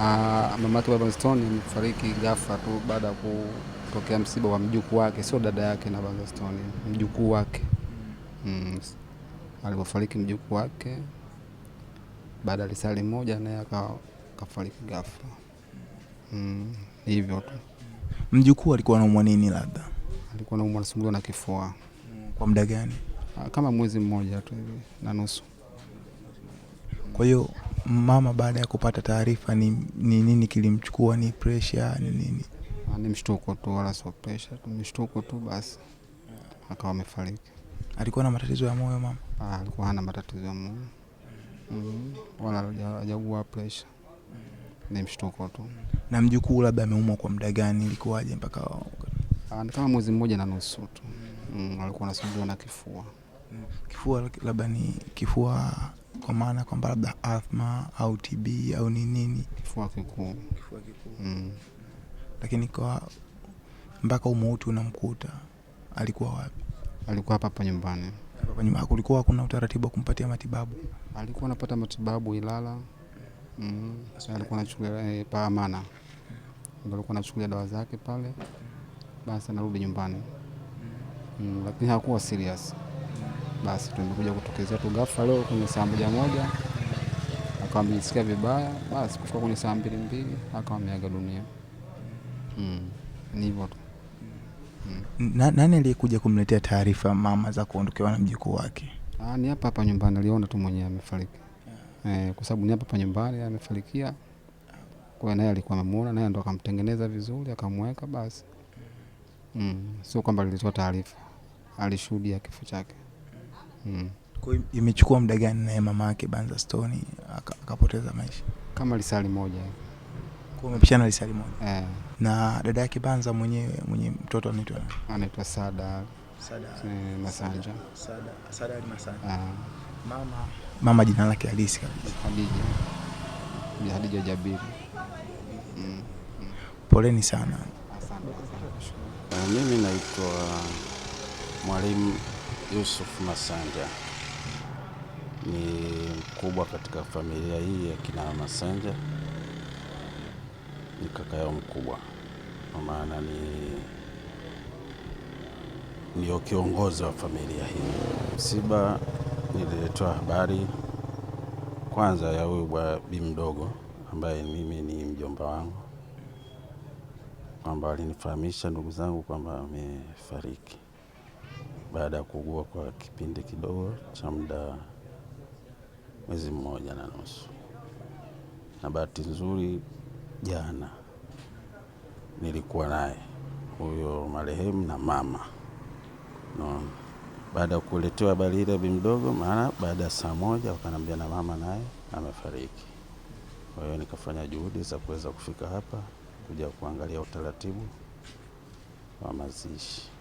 Ah, mama yake baba Stone amefariki ghafla tu baada ya kutokea msiba wa mjukuu wake, sio dada yake na baba Stone, mjukuu wake mm. Alipofariki mjukuu wake baada ya risali moja, naye akafariki ghafla mm. Hivyo tu. Mjukuu alikuwa anaumwa nini? Labda alikuwa anaumwa, anasumbuliwa na kifua. Kwa muda gani? Ah, kama mwezi mmoja tu hivi na nusu. Kwa hiyo mama baada ya kupata taarifa ni, ni nini kilimchukua? Ni presha ni nini? Ah, ni mshtuko tu, wala sio tu mshtuko tu basi, akawa amefariki. Alikuwa na matatizo ya moyo mama? Ah, alikuwa hana matatizo ya moyo mm, wala hajagua presha ni mshtuko tu. Na mjukuu labda ameumwa kwa muda gani, ilikuwaje mpaka ah, ni kama mwezi mmoja na nusu tu mm, alikuwa anasumbuliwa na kifua. Kifua labda ni kifua kwa maana kwamba labda athma au TB au ni nini, kifua kikuu, kifua kikuu mm. Lakini kwa mpaka umauti unamkuta alikuwa wapi? Alikuwa hapa hapa nyumbani, Kulikuwa hakuna utaratibu wa kumpatia matibabu? Alikuwa anapata matibabu Ilala mm. alikuwa nachukuliapaamana eh, Alikuwa anachukulia dawa zake pale, basi anarudi nyumbani mm. Lakini hakuwa serious basi tumekuja kutokezea tu ghafla leo kwenye saa moja moja, akawa amejisikia vibaya, basi kufika kwenye saa mbili mbili akawa ameaga dunia. Hmm. ni hivyo tu. Hmm. nani aliyekuja kumletea taarifa mama za kuondokewa na mjukuu wake? Ah, ni hapa hapa nyumbani, aliona tu mwenyewe amefariki. Yeah. Eh, kwa sababu ni hapa hapa nyumbani amefarikia, kwa hiyo naye alikuwa amemuona, naye ndo akamtengeneza vizuri akamweka basi. Mm, sio kwamba lilitoa taarifa, alishuhudia kifo chake. Kwa imechukua muda gani naye mama yake Banza Stone akapoteza aka maisha? Kama risali moja. Kwa umepishana risali moja. Eh. Na dada yake Banza mwenyewe mwenye mtoto anaitwa anaitwa Sada. Sada. Masanja. Sada. Sada Ali Masanja. Ah. Mama mama jina lake halisi kabisa. Hadija. Hadija Jabiri. Mm. Mm. Poleni sana. Asante. Ah, mimi naitwa mwalimu Yusuf Masanja ni mkubwa katika familia hii ya kina Masanja, ni kaka yao mkubwa, kwa maana ni ndio kiongozi wa familia hii. Msiba nililetewa habari kwanza ya huyu bi mdogo ambaye mimi ni mjomba wangu, kwamba alinifahamisha ndugu zangu kwamba amefariki baada ya kuugua kwa kipindi kidogo cha muda mwezi mmoja na nusu. Na bahati nzuri, jana nilikuwa naye huyo marehemu na mama no. Baada ya kuletewa habari ile, bi mdogo, maana baada ya saa moja wakanaambia na mama naye amefariki. Kwa hiyo nikafanya juhudi za kuweza kufika hapa kuja kuangalia utaratibu wa mazishi.